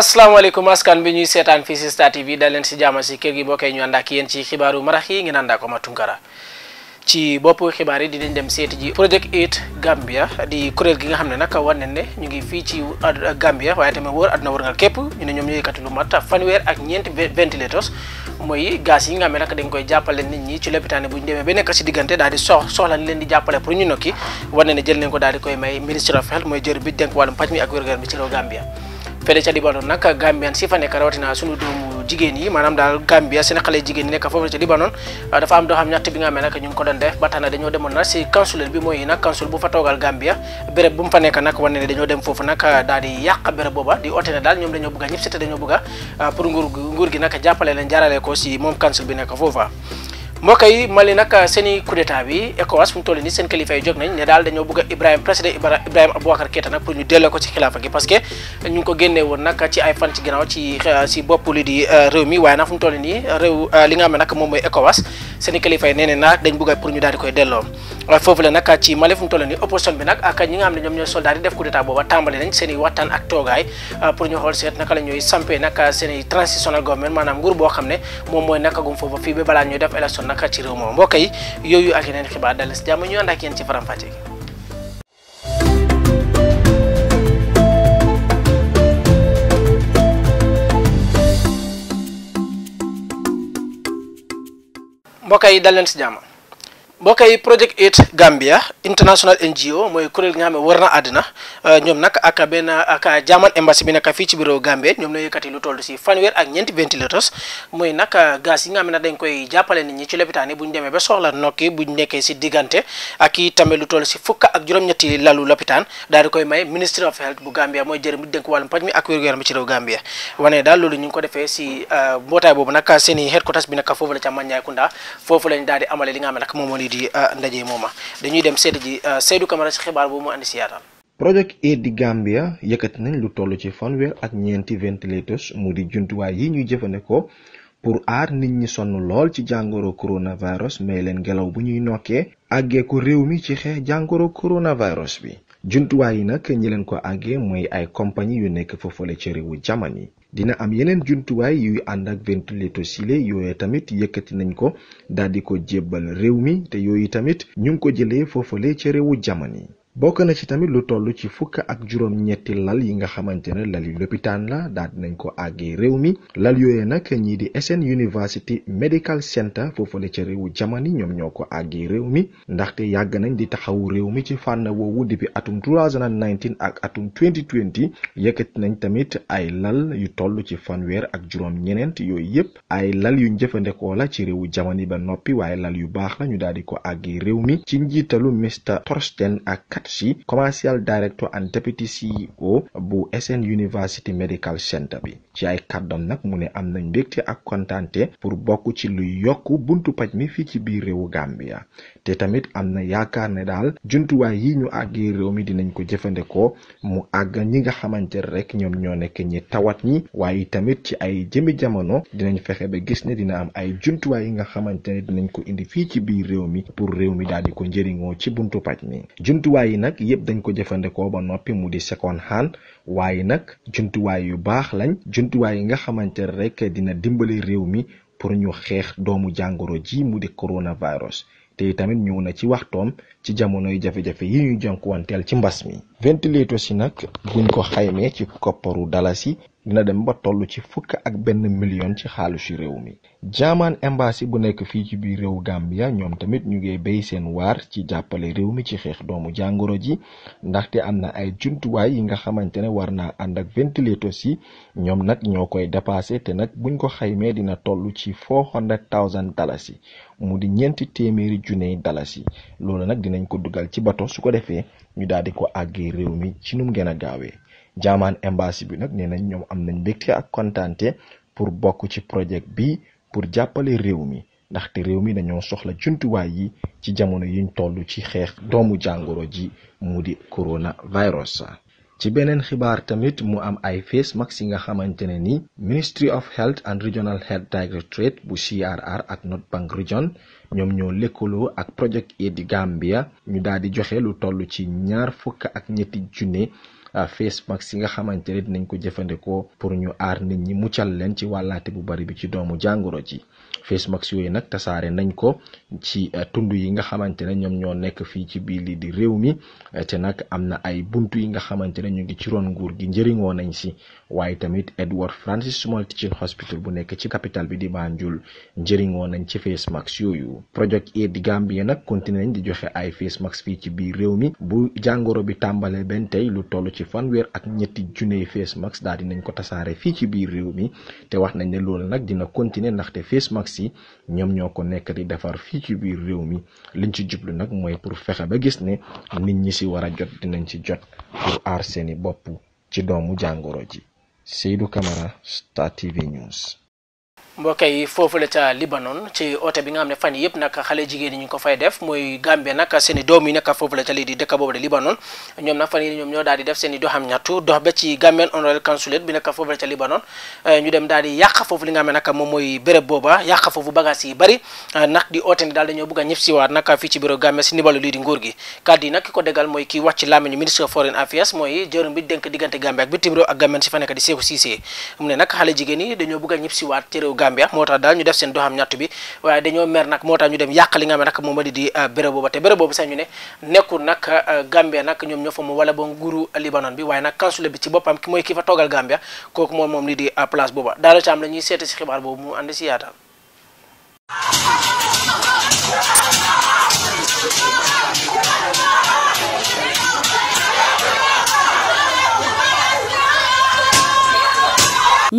asalaamaaleykum askan bi ñuy seetaan fii si Star TV da leen si jàmm si kër gi bokkee ñu ànd ak yéen ci xibaaru marax yi ngeen ànd ak Omar Tunkara ci bopp xibaar yi dinañ dem seeti ji Project Aid Gambia di kuréel gi nga xam ne nag war nañ ne ñu ngi fii ci Gambia waaye tamit wër àdduna wër nga képp ñu ne ñoom ñooy yëkkati lu ak ñeenti ventilators mooy gaz yi nga xam ne nag dañ koy jàppale ñu demee ba nekk si diggante daal di sox soxla leen di jàppale pour ñu nokki war nañ ne jël nañ ko daal di koy may Ministry of Health mooy jër bi dénk wàllum paj mi ak wér gu bi ci réew Gambia fële ca Libanon nag si fa nekk rawatina suñu doomu jigéen maanaam daal Gambia seen xale jigéen yi nekk foofu ca Libanon dafa am doo xam bi nga amee nag ñu ngi ko doon def ba tax na dañoo demoon nag dem foofu nag daal di yàq béréb booba di oote ne daal ñoom dañoo bëgg a ñëpp sete dañoo bëgg a pour nguur nguur gi nag jàppale leen jaarale ko si moom consul bi nekk foofa mbokk yi Mali nag euh, seen i coup bi ECOWAS fu mu toll nii seen kilifa yi jóg nañ ne daal dañoo bëgg Ibrahim président Ibrahim Aboubacar Keïta nag pour ñu delloo ko ci xilaafa gi parce que ñu ngi ko génnee woon nag ci ay fan ci ginnaaw ci euh, bopp li di euh, réew mi waaye nag fu mu toll nii réew li nga xam ne nag moom mooy ECOWAS seen i kilifa yi nee na nag dañ bëgg pour ñu daal di koy delloo foofu la nag ci Mali fu mu toll nii opposition bi nag ak ñi nga xam ne ñoom ñooy soldat yi def coup d'état booba tàmbali nañ seen i waxtaan ak toogaay euh, pour ñu xool seet naka la ñooy sampee nag transitional government maanaam nguur boo xam ne moom mooy naka gum foofu fii ba balaa ñuy def élection nag ci réew moom mbokk yi yooyu ak yeneen xibaar dal si jàmm ñu ànd ak leen si jàmm mbokk yi Project Aid Gambia international NGO mooy kuréel gi nga xam ne war na àddina euh, ñoom nag ak benn ak jaaman embassy bi nekk fii ci bureau Gambie ñoom la yëkkati lu toll si fanweer ak ñeenti ventilateurs muy nag euh, gaz yi nga xam ne dañ koy jàppale nit ñi ci lopitaan yi bu ñu demee ba soxla nokki bu ñu nekkee si diggante ak i tamit lu toll si fukk ak juróom-ñetti lalu lopitaan daal di koy may ministry of health bu Gambia mooy jërëm dénk wàllum paj mi ak wér-gu-yaram ko defee si euh, mbootaay boobu nag seen i headquarters bi nekk foofu la ca Manjai Kunda foofu lañ daal amale li nga xam ne di ah, ndaje mooma dañuy dem seeti ji ah, Seydou Camara si xibaar boobu mu andi si Project Aid Gambia yëkkati nañ lu toll ci fanweer ak ñeenti ventilateurs mu di jumtuwaay yi ñuy jëfandikoo pour aar nit ñi sonn lool ci jàngoro coronavirus may leen ngelaw bu ñuy nokkee àggee ko réew mi ci xeex jàngoro coronavirus bi. juntuwaay yi nag ñi leen ko àggee mooy ay compagnie yu nekk foofale ci réewu jaman yi dina am yeneen jumtuwaay yuy ànd ak ventilateur sile yooyu tamit yëkkati nañ ko daal di ko jébbal réew mi te yooyu tamit ñu ngi ko jëlee foofale ca réewu Jamani bokk na ci tamit lu toll ci fukk ak juróom-ñetti lal yi nga xamante ne lal yi lopitaan la daal nañ ko àggee réew mi lal yooyu nag ñii di SN University Medical Center foofale ca réewu jamani ñoom ñoo ko àggee réew mi ndaxte yàgg nañ di taxawu réew mi ci fànn woowu depuis atum 2019 ak atum 2020 yëkkati nañ tamit ay lal yu toll ci fanweer ak juróom-ñeneent yooyu yëpp ay lal yu jëfandikoo la ci réewu jamani ba noppi waaye lal yu baax la ñu daal di ko àggee réew mi ci njiitalu Mr Thorsten ak Bakatshi commercial director and deputy CEO bu SN University Medical Center bi ci ay kàddoom nag mu ne am nañ mbégte ak kontaante pour bokk ci luy yokk buntu paj mi fii ci biir réewu Gambia te tamit am na yaakaar ne daal jumtuwaay yi ñu àggee réew mi dinañ ko jëfandikoo mu àgg ñi nga xamante rek ñoom ñoo nekk ñi tawat ñi waaye tamit ci ay jëmi jamono dinañ fexe ba gis ne dina am ay jumtuwaay yi nga xamante ne dinañ ko indi fii ci biir réew mi pour réew mi daal di ko njëriñoo ci buntu paj mi jumtuwaay yi nag yëpp dañ ko jëfandikoo ba noppi mu di second hand waaye nag jumtuwaay yu baax lañ jumtuwaay yi nga xamante rek dina dimbali réew mi pour ñu xeex doomu jàngoro ji mu di coronavirus te tamit ñëw na ci waxtoom ci jamonoy jafe-jafe yi ñuy jànkuwanteel ci mbas mi ventilateur si nag buñ ko xaymee ci kopparu dalasi dina dem ba toll ci fukk ak benn million ci ci réew mi jaamaan embassy bu nekk fii ci biir réew Gambia ñoom tamit ñu ngi béy seen waar ci jàppale réew mi ci xeex doomu jàngoro ji ndaxte am na ay jumtuwaay yi nga xamante ne war naa ànd ak ventilateurs yi ñoom nag ñoo koy dépassé te nag buñ ko xaymee dina toll ci four hundred thousand dalasi mu di ñeenti téeméeri juney dalasi loolu nag dinañ ko dugal ci bato su ko defee ñu daal di ko àggee réew mi ci num gën a gaawee jaamaan embassy bi nag nee nañ ñoom am nañ mbégte ak kontaante pour bokk ci projet bi pour jàppale réew mi ndaxte réew mi dañoo soxla jumtuwaay yi ci jamono yiñ toll ci xeex doomu jàngoro ji mu di coronavirus. ci beneen xibaar tamit mu am ay face mask yi nga xamante ne ni Ministry of Health and Regional Health Directorate bu CRR ak North Bank Region ñoom ñoo lëkkaloo ak Project Aid Gambia ñu daal di joxe lu toll ci ñaar fukk ak ñetti junne. face mask yi nga xamante ne dinañ ko jëfandikoo pour ñu aar nit ñi muccal leen ci wàllaate bu bari bi ci doomu jàngoro ji face max yooyu nag tasaare nañ ko ci eh, tund yi nga xamante ne ñoom ñoo nekk fii ci biir lii di réew mi eh, te nag am na ay buntu yi nga xamante ne ñu ngi ci roon nguur gi njëriñoo nañ si waaye tamit Edward Francis Small Teaching Hospital bu nekk ci capital bi di jul njëriñoo nañ ci face max yooyu Project Aid Gambia nag continué nañ di joxe ay face max fii ci biir réew mi bu jàngoro bi tàmbalee benn tey lu toll ci fanweer ak ñetti junne face max daal di ko tasaare fii ci biir réew mi Sonamax yi ñoom ñoo ko nekk di defar fii ci biir réew mi liñ ci jublu nag mooy pour fexe ba gis ne nit ñi si war a jot dinañ ci jot pour aar seeni bopp ci doomu jàngoro ji Seydou Camara Star TV News. mbokk foofu la ca Libanon ci oote bi nga xam ne fan yëpp nag xale jigéen ñu ko fay def mooy Gambie nag seen doom yi nag foofu la ca lii eh, ñu dem daal di yàq foofu li eh, si nibalu lii di nguur gi kàddu yi nag ki ko déggal mooy kii si fa nekk di Seeku Siisee mu ne nag xale jigéen dañoo bëgg a ñëpp siwaat ci réew Gambia moo tax daal ñu def seen doxam ñattu bi waaye dañoo mer nag moo tax ñu dem yàq nga xam ne nag moom di di euh, béréb booba te béréb boobu sax ñu ne nekkul nag euh, Gambia nag ñoom ñoo fa mu wala ba nguuru Libanon bi waaye nag kansule bi ci boppam ki mooy ki fa toogal Gambia kooku moom moom li di euh, place booba daala ci am la seeta si xibaar boobu mu ànd si yaatal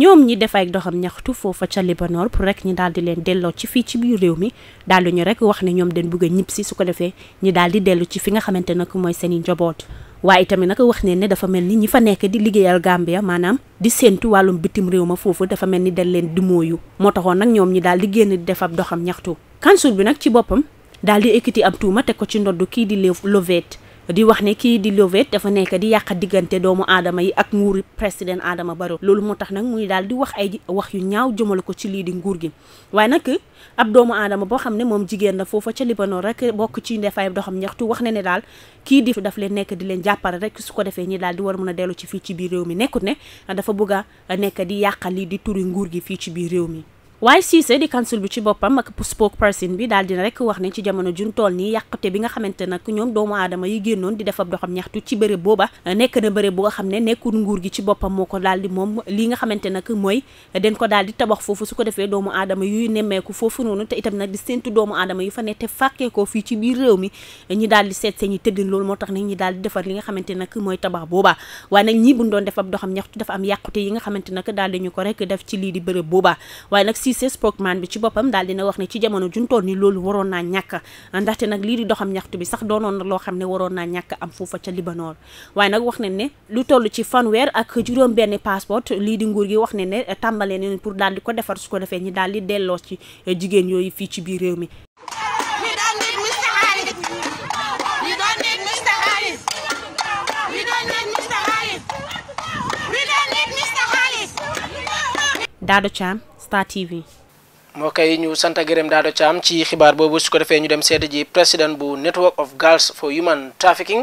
ñoom ñi def ay doxam ñaxtu foofa ca Libanor pour rek ñi daal di leen delloo ci fii ci biir réew mi daal ñu rek wax ne ñoom den bëgg a ñib si su ko defee ñi daal di dellu ci fi nga xamante nag mooy seeni i njaboot waaye itamit nag wax ne ne dafa mel ni ñi fa nekk di liggéeyal Gambia maanaam di séentu wàllum bitim réew ma foofu dafa mel ni dañ leen di mooyu moo taxoon nag ñoom ñi daal di génn di def ab doxam ñaxtu kansul bi nag ci boppam daal di ekkiti ab tuuma teg ko ci ndoddu kii di Lovett di wax ne kii di Lovette dafa nekk di yàq diggante doomu aadama yi ak nguuri président Adama Barrow loolu moo tax nag muy daal di wax ay wax yu ñaaw jëmale ko ci lii di nguur gi waaye nag ab doomu aadama boo xam ne moom jigéen la foofa ca Libanon rek bokk ci ndefaay doxam ñaxtu wax ne ne daal kii di daf leen nekk di leen jàppale rek su ko defee ñi daal di war mën a dellu ci fii ci biir réew mi nekkut ne dafa bëgg a nekk di yàq lii di turi nguur gi fii ci biir réew mi waaye Cissé di council bi ci boppam ak spokesperson bi daal dina rek wax ne ci jamono jun nii yàqute bi nga xamante nag ñoom doomu aadama yi génnoon di def ab doxam ñaxtu ci nekk na bëre bu nga ne nekkul nguur gi ci boppam moo ko daal di moom li nga xamante nag mooy den ko daal di tabax foofu su ko defee doomu aadama yuy nemmeeku foofu noonu te itam nag di séntu doomu aadama yu fa ne te fàkkee ko fii ci biir réew mi ñi daal di seet seen ñi moo tax nag daal di defar li nga xamante nag mooy tabax boobaa waaye nag ñi buñ doon def ab doxam ñaxtu dafa am yàqute yi nga xamante nag daal di ñu ko rek def ci lii di bëre boobaa Cissé spokesman bi ci boppam daal dina wax ne ci jamono juntoon ni loolu waroon naa ñàkk ndaxte nag lii di doxam ñaxtu bi sax doonoon na loo xam ne waroon na ñàkk am foofa ca Libanon waaye nag wax nañ ne lu toll ci fanweer ak juróom benn passeport lii di nguur gi wax ne ne tàmbalee nañ pour daal di ko defar su ko defee ñi daal di delloo ci jigéen yooyu fii ci biir réew mi Dado Cham Star TV. moo koy ñu sant gërëm daado caam ci xibaar boobu su ko defee ñu dem seede ji président bu Network of Girls for Human Trafficking.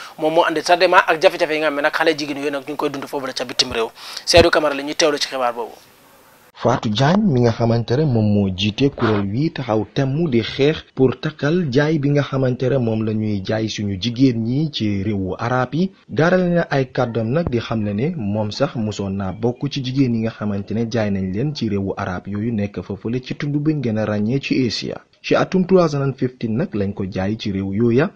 moom moo andi tardement ak jafe-jafe yi nga ne xale jigéen yooyu nag ñu ngi koy dund foofu la ca bitim réew Seydou Camara la ñuy teewlu ci xibaar boobu Fatou Diagne mi nga xamante ne moom moo jiite kuréel wi taxaw temm di xeex pour takkal jaay bi nga xamante ne moom la ñuy jaay suñu jigéen ñi ci réewu araab yi gaaral na ay kàddoom nag di xam ne ne moom sax mosoon naa bokk ci jigéen yi nga xamante ne jaay nañ leen ci réewu arab yooyu nekk foofule ci tund bi gën a ràññee ci Asia ci atum 2015 nag lañ ko jaay ci réew yooya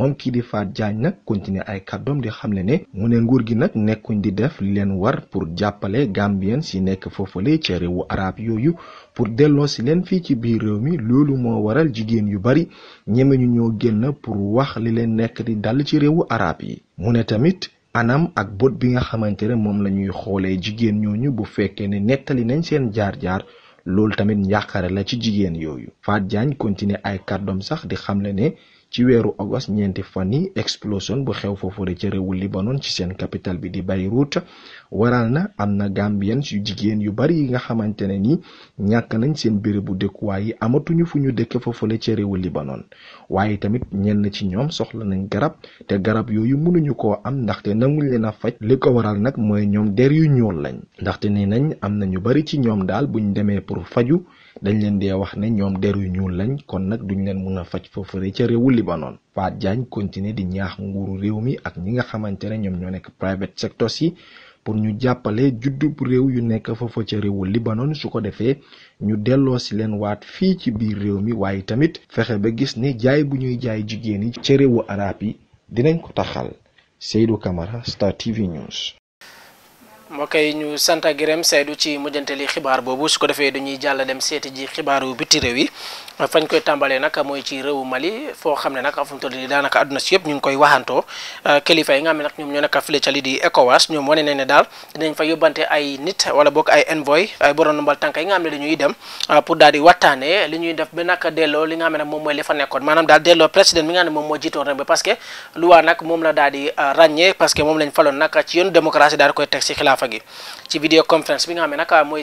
moom kii di faat Diagne nag continuer ay kàddoom di xamle ne mu ne nguur gi nag nekkuñ di def li leen war pour jàppale Gambien si nekk foofale ca réewu araab yooyu pour delloo si leen fii ci biir réew mi loolu moo waral jigéen yu bari ñeme ñu ñoo génn pour wax li leen nekk di dal ci réewu araab yi mu ne tamit anam ak bot bi nga xamante ne moom la ñuy xoolee jigéen ñooñu bu fekkee ne nettali nañ seen jaar-jaar loolu tamit njàqare la ci jigéen yooyu Fatou Diagne continuer ay kàddoom sax di xamle ne ci weeru august ñeenti fan yi explosion bu xew foofule ca réewu Libanon ci seen capital bi di Beyrouth waral na am na Gambien yu jigéen yu bari yi nga xamante ne ni ñàkk nañ seen bérébu dëkkuwaay yi amatuñu fu ñu dëkk foofule ca réewu Libanon waaye tamit ñenn ci ñoom soxla nañ garab te garab yooyu mënuñu ko am ndaxte nanguñ leen a faj li ko waral nag mooy ñoom der yu ñuul lañ ndaxte nee nañ am na ñu bari ci ñoom daal buñ demee pour faju dañ leen dee wax ne ñoom der yu ñuul lañ kon nag duñu leen mun a faj foofare ca réewu Libanon faat Diagne continuer di ñaax nguuru réew mi ak ñi nga xamante ne ñoom ñoo nekk private sectors yi pour ñu jàppale juddub réew yu nekk foofa ca réewu Libanon su ko defee ñu delloo si leen waat fii ci biir réew mi waaye tamit fexe ba gis ni jaay bu ñuy jaay jigéen yi ca réewu arab yi dinañ ko taxal Seydou Camara Star TV News. mbokk yi ñu sant xibaar boobu su ko defee dañuy jàll dem seeti ji fañ koy tàmbalee nag mooy ci réewu Mali foo xam ne nag fu ñu euh, ne nag ñoom ñoo lii di ECOWAS ñoom wane nañ daal dinañ fa yóbbante ay nit wala boog ay envoy ay borom nombal yi nga ne dañuy euh, delloo li nga xam moom mooy li nekkoon maanaam daal delloo président mi nga ne moom moo jiitoon rek parce que luwaa nag moom la daal di euh, ràññee moom lañ faloon nag ci yoonu démocratie daal koy teg si xilaafa gi ci vidéo conférence bi nga xam mooy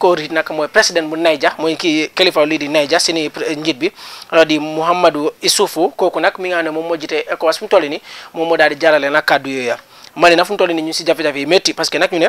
ko rit nag mooy président bu Niger mooy kii kilifa lii di Niger seeni njiit bi euh, di Mouhamadou kooku nag mi nga xam moom moo jite ECOWAS fu toll nii moom moo daal di jàllale nag kàddu yooya. Mali nag fu nii ñu si jafe-jafe yi métti parce que nag ñu ne.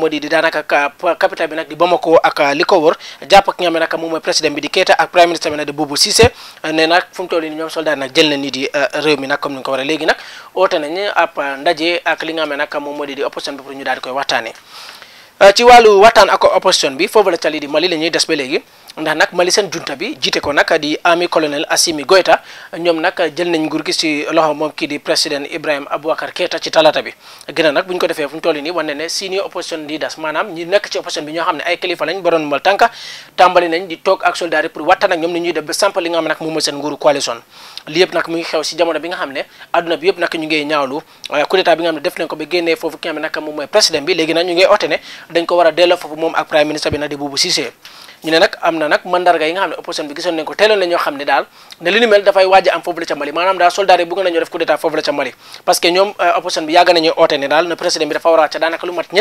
moo di di daanaka capital bi nag di Bamako ak uh, li ko wër jàpp ak ñoom nag moom mooy président bi di Keita ak premier ministre bi nag di Boubou Cissé uh, ne nag fu mu ñoom soldat nag jël na nit yi uh, réew mi nag comme ni ko war a léegi nag oote nañu ab ndaje ak li nga xam ne nag moom moo di di opposition bi pour ñu daal di koy waxtaanee ci wàllu waxtaan ak opposition bi foofu la ca lii di Mali la ñuy des ba léegi. ndax nag Mali seen junta bi jiite ko nag di ami colonel Assimi Goïta ñoom nag jël nañ nguur gi ci loxo moom kii di président Ibrahim Aboubacar Keita ci talaata bi gën a nag ko defee fu ñu toll nii wane ne senior opposition leaders maanaam ñi nekk ci opposition bi ñoo xam ne ay kilifa lañ borom mal tànka tàmbali nañ di toog ak soldats yi pour waxtaan ñoom ni ñuy def ba samp li nga xam ne nag moom mooy seen nguuru coalition li yëpp nag mu ngi xew si jamono bi nga xam ne adduna bi yëpp nag ñu ngay ñaawlu euh, coup d'état bi nga xam ne def nañ ko ba génnee foofu ki nga xam ne nag moom mooy président bi léegi nag ñu ngay oote ne dañ ko war a delloo foofu moom ak prime ministre bi nag di Buubu Sise ñu ne nag am na nag mandarga yi nga xam ne opposition bi gisoon nañ ko teeloon la ñoo xam ne daal ne li ni mel dafay waaj am foofu la ca Mali maanaam daal soldat yi bëgg nañoo def coup d'état foofu la ca Mali parce que ñoom euh, opposition bi yàgg nañuy oote ne daal ne président bi dafa war a wàcc daanaka lu war a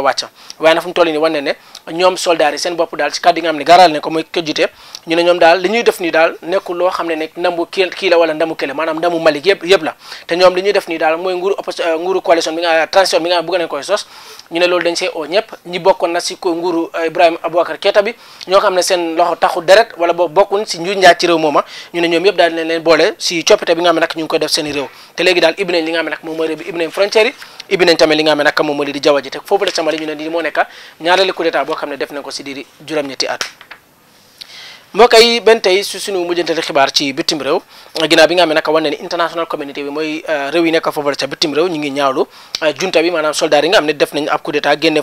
wàcc waaye nag mu toll nii wane ne ñoom soldat seen bopp daal ci kàddu nga xam ne garal ne ko mooy këjjute ñu ne ñoom daal li def nii daal nekkul loo xam ne ne ndambu kii kii la wala ndamu kële maanaam ndamu Mali yëpp yëpp la te ñoom li def nii daal mooy ñu ne loolu dañ see oo ñëpp ñi bokkoon na si ko nguuru euh, Ibrahima Aboubacar Keita ñoo xam ne seen loxo taxu deret wala boo bokkuñ si njuuj njaaj ci réew mooma ñu ne ñoom yëpp daal leen leen boole si coppite bi nga xam ne nag ñu ngi koy def seen i réew te léegi daal ibbi nañ li nga xam ne nag moom mooy réew bi ibbi ne nag moom mooy li di jaww te foofu la samali ñu ne nii moo nekk ñaareelu coup d'état boo xam ne def nañ ko si diiri juróom-ñetti at mbokk yi benn tey su suñu mujjantali xibaar ci bitim réew ginnaaw nga xam ne nag wane ni international communauté mooy euh, réew yi nekk foofu ca bitim réew ñu ngi ñaawlu euh, junta bi maanaam soldat yi nga xam ne def nañ ab coup d'état ne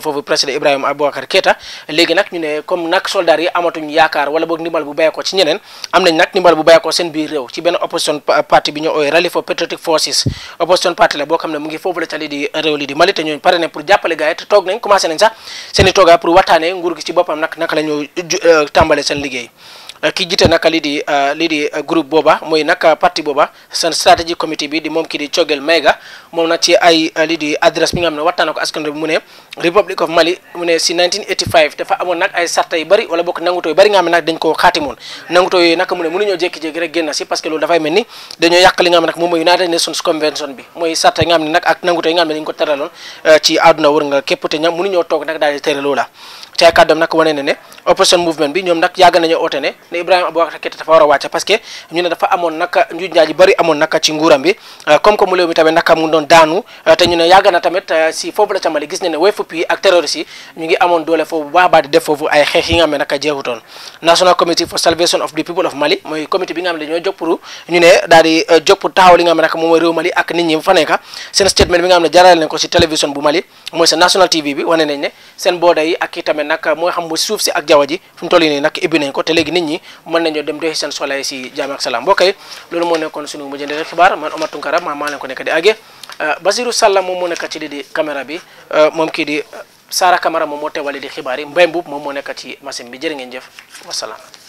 comme nag soldat yi amatuñ yaakaar wala boog ndimbal bu bàyyeekoo ci ñeneen am nañ nag ndimbal bu bàyyeekoo seen biir réew ci benn opposition party bi ñu ooy Rally for Patriotic Forces opposition party la boo xam ne mu ngi foofu la ca lii di réew li di Mali te ñooñu pare ne pour jàppale gars yi i toogaa pour waxtaanee nguur gi ci boppam euh, seen liggéey Eh, ki jiite nag lii di eh, lii eh, booba mooy nag parti booba seen stratégie comité bi di moom kii di Choguel Maïga moom nag ci ay lii di adresse bi nga xam ne waxtaan na ko askan bi mu ne Republic of Mali mu ne si 1985 dafa amoon nag ay sarta yu bëri wala bokk nangutoo yu bëri nga xam ne nag dañ koo xaatimoon nangutoo yooyu nag mu ne mënuñoo jékki-jékki rek génn si parce que loolu dafay mel ni dañoo yàq li ne nag moom mooy United Nations Convention bi mooy sarta yi ne nag ak nangutoo yi nga xam ne dañ ko tëraloon ci àdduna wër nga képp te ña mënuñoo toog nag ne opposition movement bi ñoom nag yàgg nañu oote ne ne Ibrahima Aboubacar Keïta dafa war a wàcc parce que ñu dafa amoon naka njuuj njaaj amoon naka ci nguuram bi euh, comme mu réew mi tamit naka mu doon euh, euh, Committee for Salvation ne dañoo ne ko si télévision bu Mali mooy sa National TV bi wane ne seen booda ak i tamit mooy xam bu suuf si ak jaww ji fu mu toll nii nag ibbi nañ ko te léegi nit ñi mën nañoo dem doxi seen soxla si jaam ak salaam mbokk yi loolu moo nekkoon sunu mujjante rek xibaar man Omar Tunkara maa maa leen ko nekk di àggee euh, Basirou Sall moom moo nekk ci di di caméra bi euh, moom kii di euh, Sara Camara moom moo teewale di xibaar yi Mbaye Mbuub moom moo nekk ci machine bi jërë ngeen jëf wasalaam